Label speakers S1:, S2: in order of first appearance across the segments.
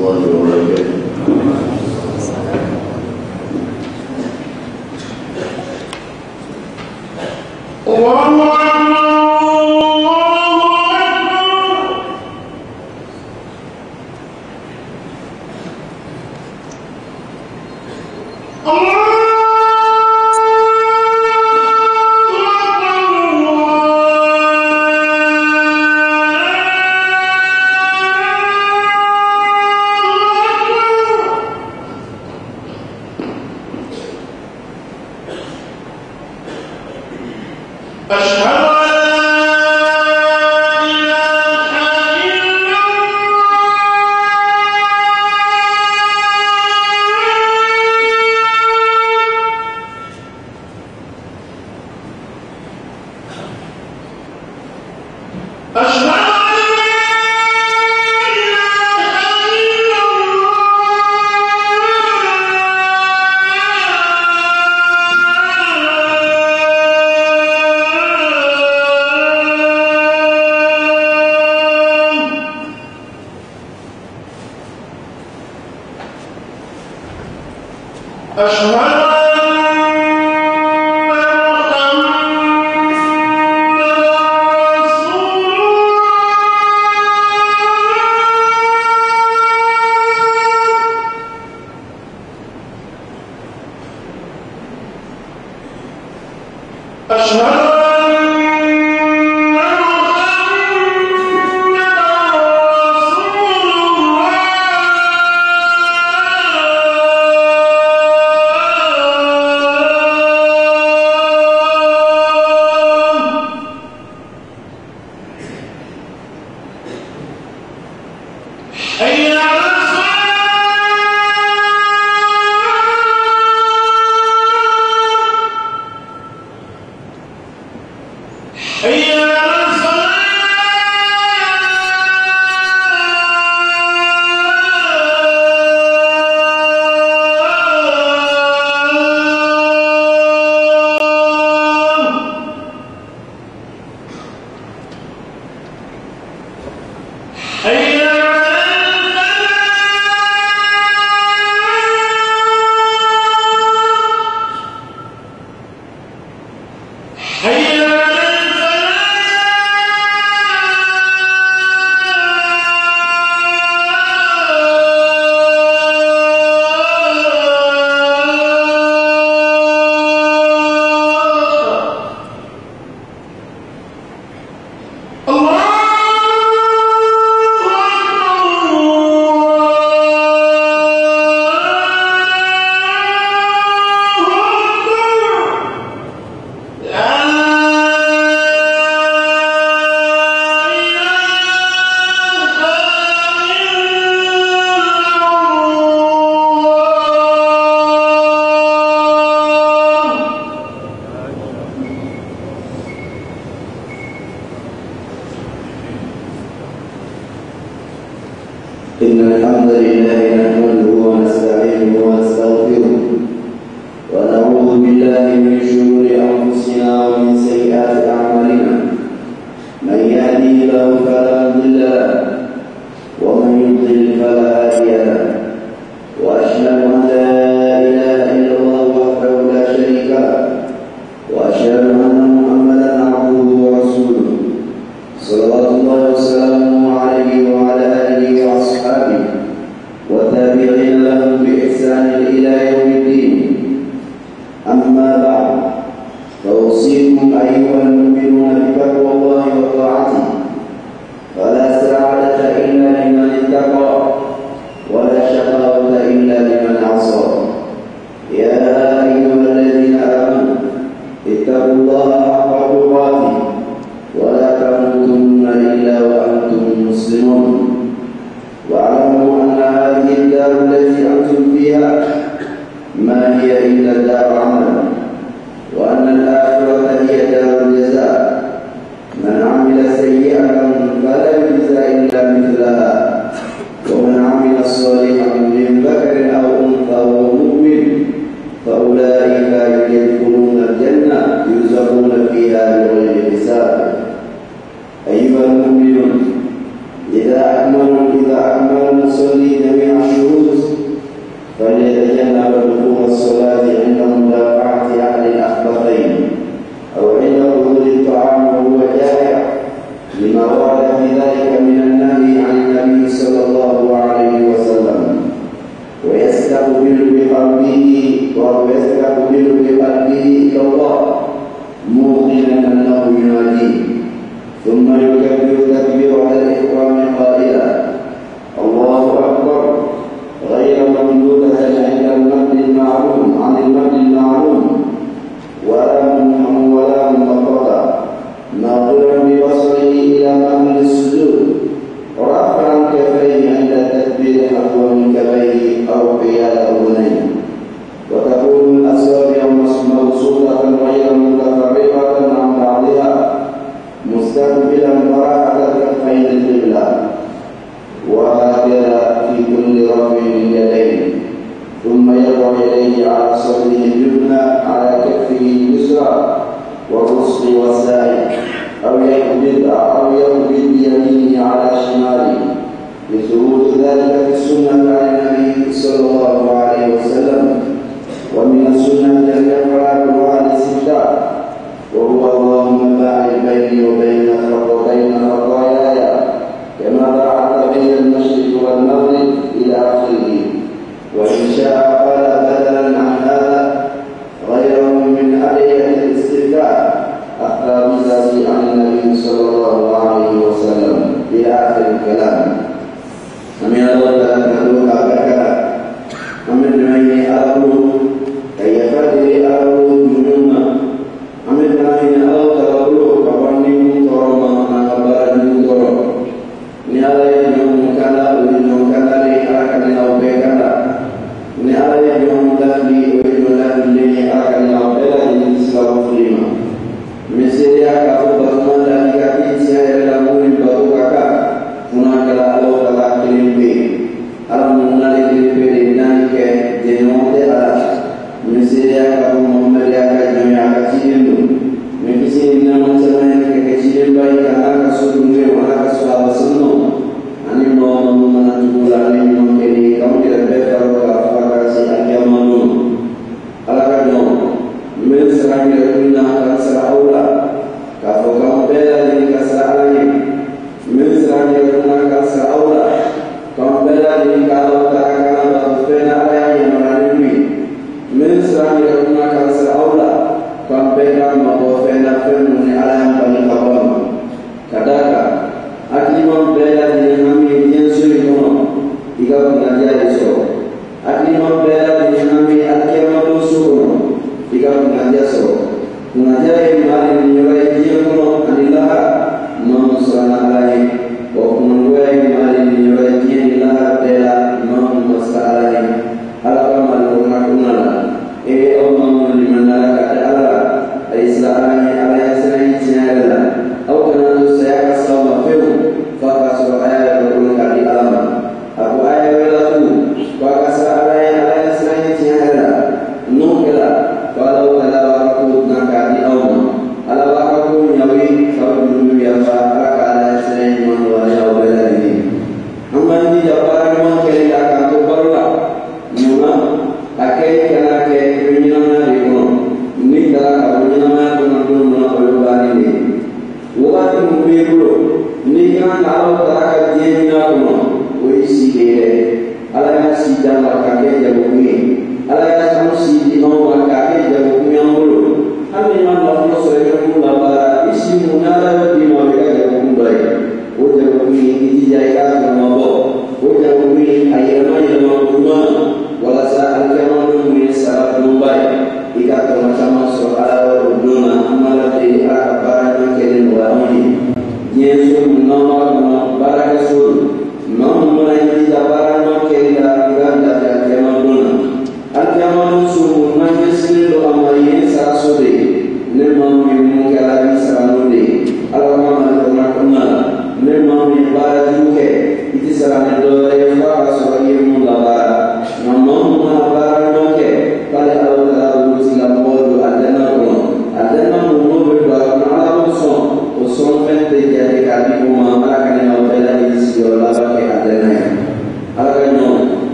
S1: الله وبركاته
S2: الله أكبر الله
S1: الإسلام إلى يوم wajib Suma yukabiru takbiru ala ikhwan qaila ahli kalam kami Allah dalam kandungan kata-kata kami dengan ini Allah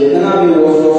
S1: Jenna Biwoso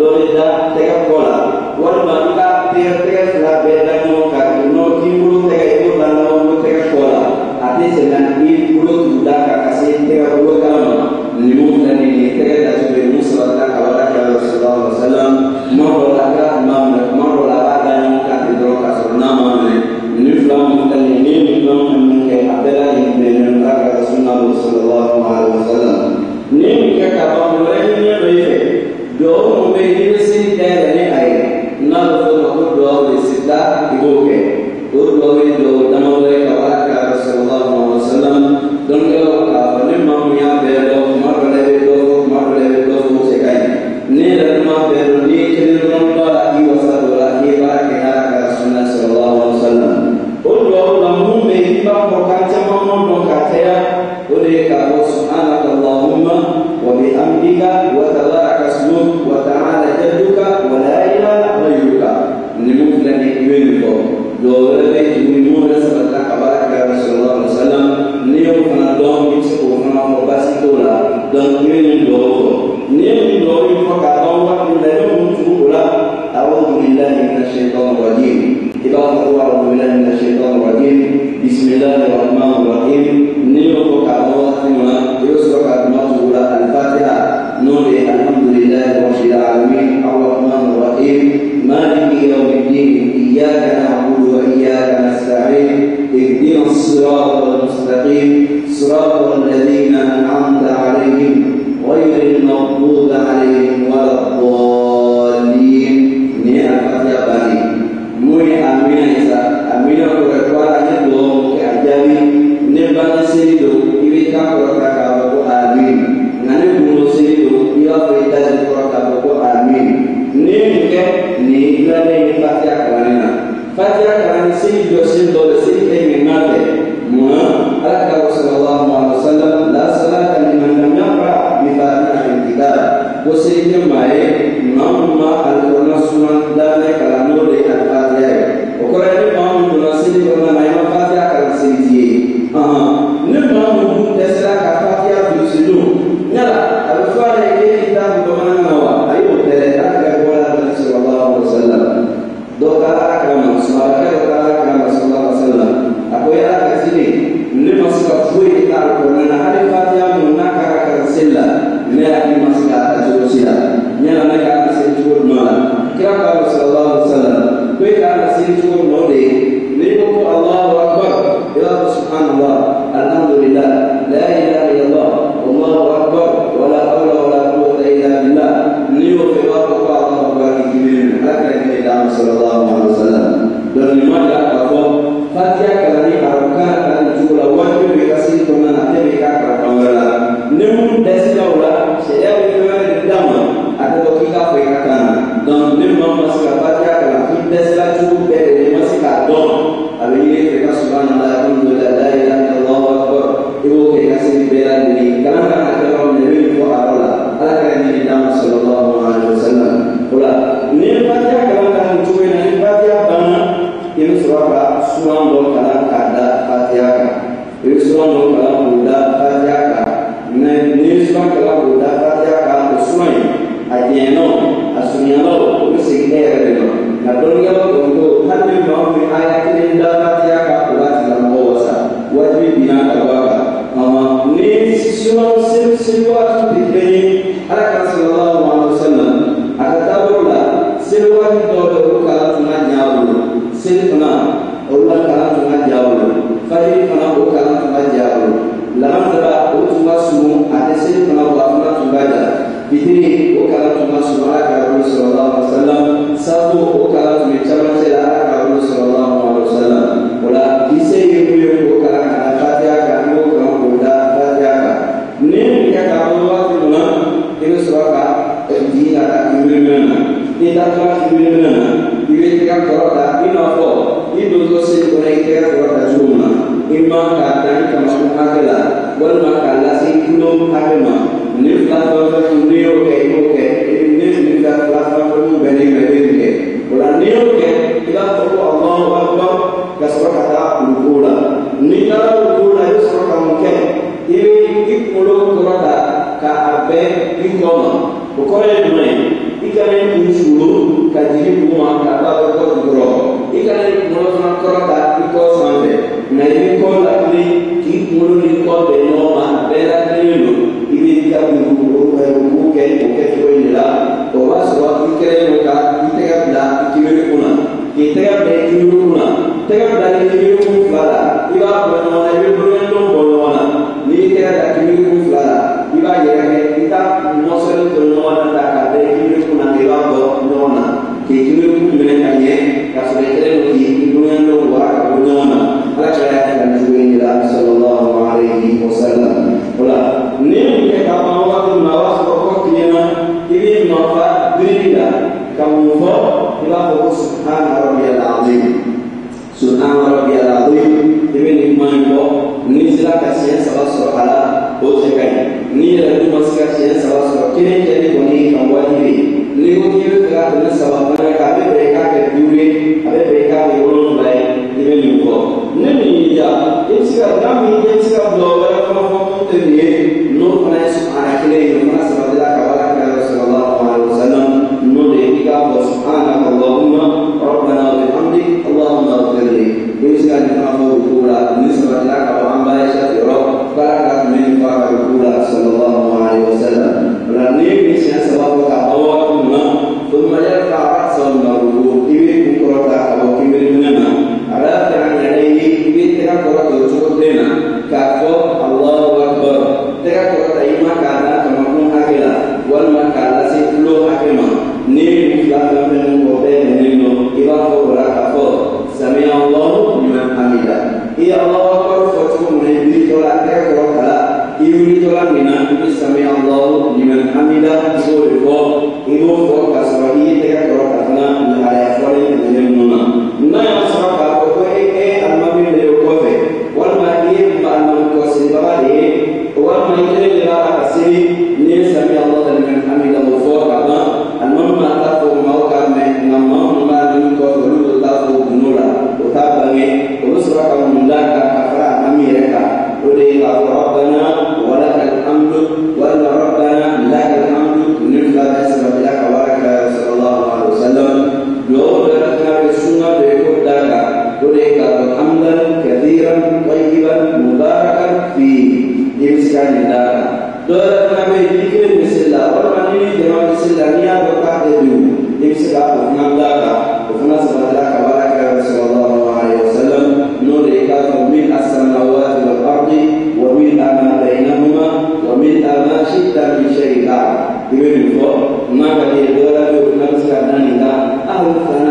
S1: Dorita tegak kola, walaupun kita tiada tiada sudah beda. Senhor, tudo bem. Aracá, Grande Fó, Marca Vereadora, meu primeiro cidadão, Linda, Arlofana.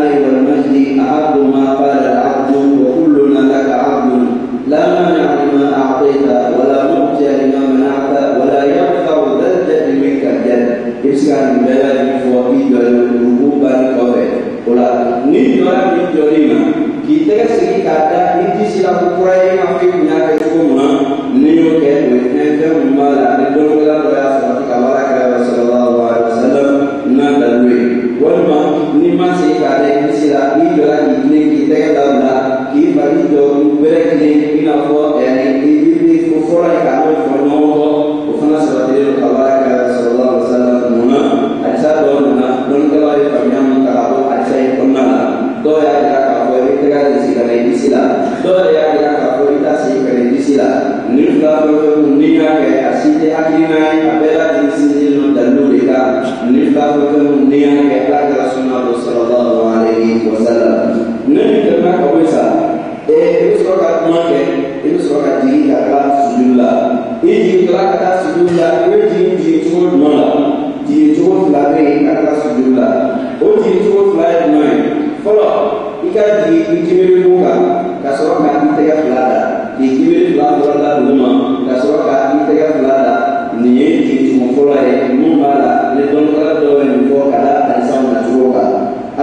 S1: ika di ikimi bi muka ka sɔrɔ ka i tɛgɛ fila da k'i kimi fila fila da dugu ma ka sɔrɔ ka i tɛgɛ fila da nin ye jigitugu fɔlɔ ye mun b'a la ne dɔnnikɛla dɔ bɛ nin fɔ ka da alisa nacogo kan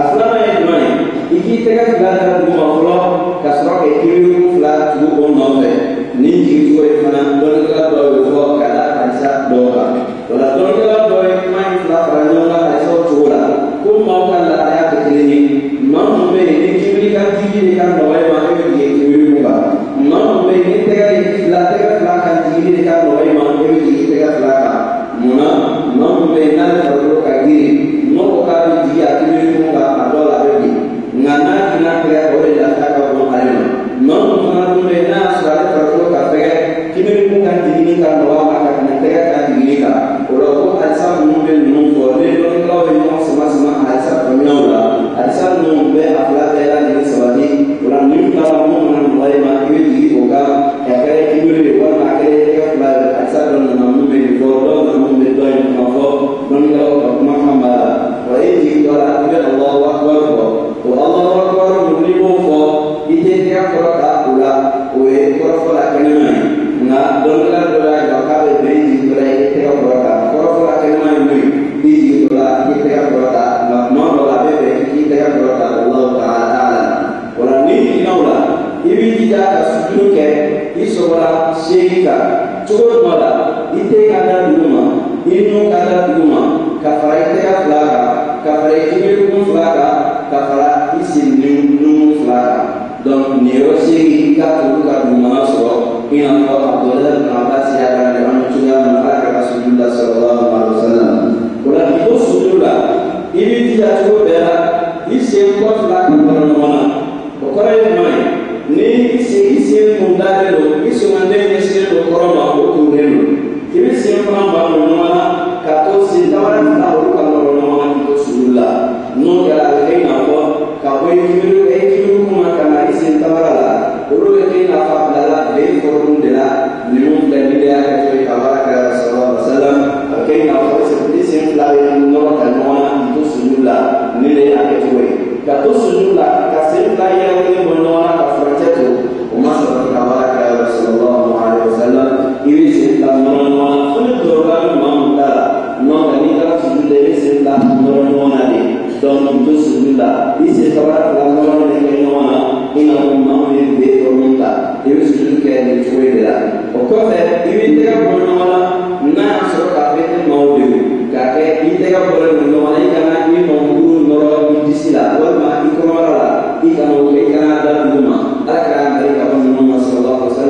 S1: a filanan ye jumɛn ye i k'i tɛgɛ fila da dugu ma Então, não se mudar. E se falar da glória de quem não há, e não há um nome de tormentar. Eu escrevo que é de poeira. O que é? E o íntegro por não há, não há só café de molde. Porque é íntegro por não há, não há nenhum mundo, não há nenhum si lá. O irmão, e como era luma? Da cara, a América, a Salvador, a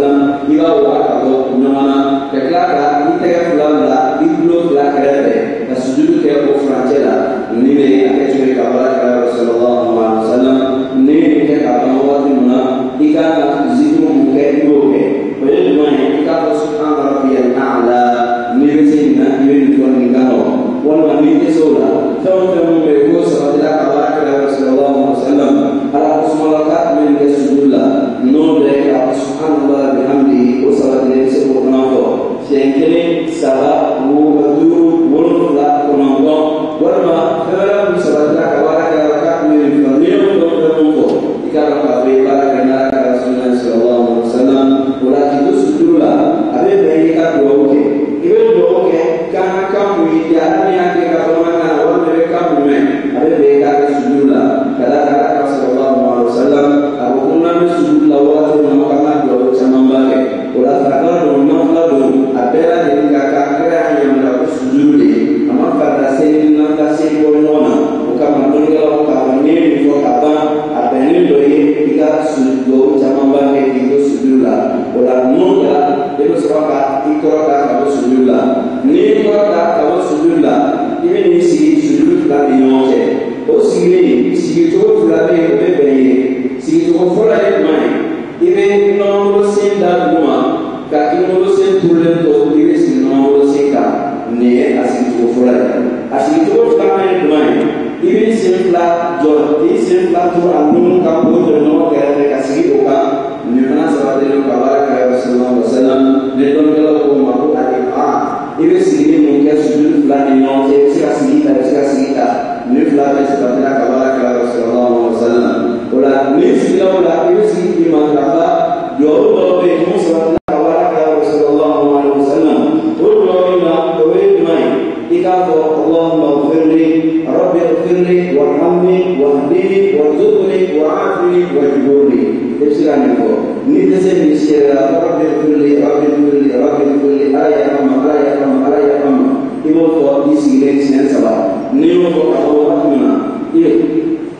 S1: ya Rama, ara ya Rama, ara ya Rama. I mo to abdi sila sila sila. Ni mo to kado wat mana? I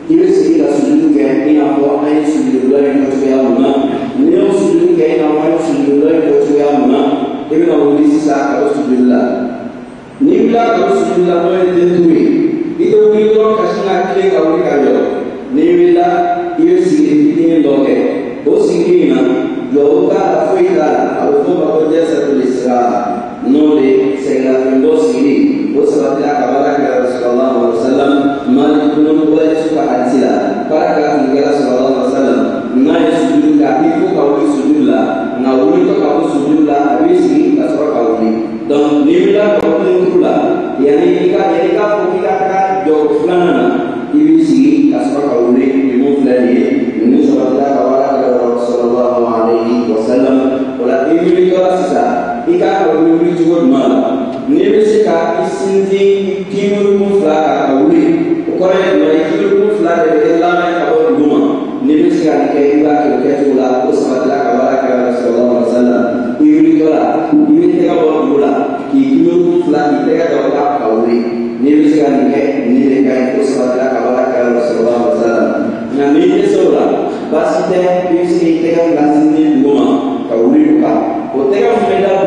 S1: I mo sila sujud kaya ni aku apa yang sujud dulu yang kau cuci aku mana?
S2: Ni mo sujud
S1: kaya ni aku apa yang sujud dulu yang kau cuci aku mana? I mo abdi sila kado sujud lah. Ni bila kado sujud lah mo yang jentui. I to ni mo kasih ngaji yang kau ni kajo. Ni bila I mo sila sila yang doke. Bos sila mana? lautan fuilan alfuma kerja satu lisra ah, nuli sehingga timbul sini. Bu sebabnya kabarlah kepada Rasulullah SAW menunjuk kepada suka hadisnya. Lah. Para kafir kepada Rasulullah SAW naik sujud kafir kau di sujudlah, ngawuli to kau sujudlah, habis ini kasar kau ini. Dan nila kau tunjuklah, yang ini kita yang ini kau kita kan jauh mana? Ibu
S2: sih kasar kau ini, ibu sudah dia, ini sebabnya kau
S1: o la i wulikɛla sisan i k'a dɔn i bɛ wuli cogo ɲuman na n'i bɛ se ka i sinsin kiirikun fila kan ka wuli o kɔrɔ ye jumɛn ye kiirikun fila de bɛ kɛ lamɛn ka bɔ dugu ma n'i bɛ se ka nin kɛ i b'a kɛ o kɛcogo la o sabatira ka baara kɛ ka sɔrɔ wa sala i wulikɛla i bɛ tɛgɛ bɔ dugu la k'i kiirikun fila k'i tɛgɛ dɔ k'a ka wuli n'i bɛ se ka nin kɛ nin de ka ɲi o sabatira ka baara kɛ ka sɔrɔ wa sala nka n'i dɛsɛ o la baasi tɛ i bɛ se k'i tɛgɛ fila sinsin Botei a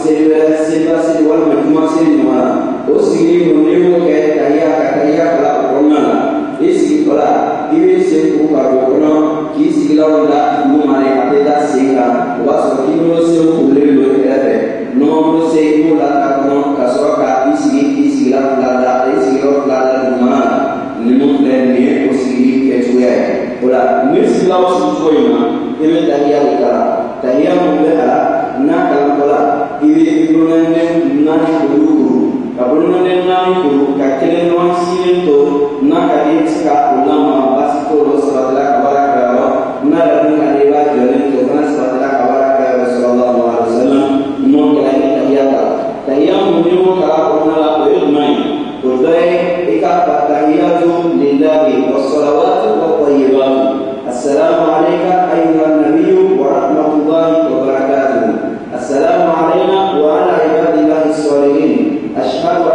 S1: seli wɛrɛ seliba seli walima juma seli ɲɔgɔn na o sigili ninnu n'i y'o kɛ tahiya ka tahiya fila o kɔnɔna la i sigi fɔla i bɛ sen tugu ka don o kɔnɔ k'i sigila o la dugu ma de a tɛ taa sen kan o b'a sɔrɔ k'i bolo أشهد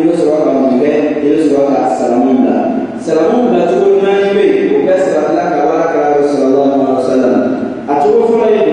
S1: i bɛ sɔrɔ ka mun kɛ i bɛ sɔrɔ ka salamu bila salamu bila cogo ɲuman bɛ yen o bɛ sɔrɔ ala ka ala ka yɔrɔ sɔrɔ ala ka yɔrɔ sɔrɔ a cogo fɔlɔ ye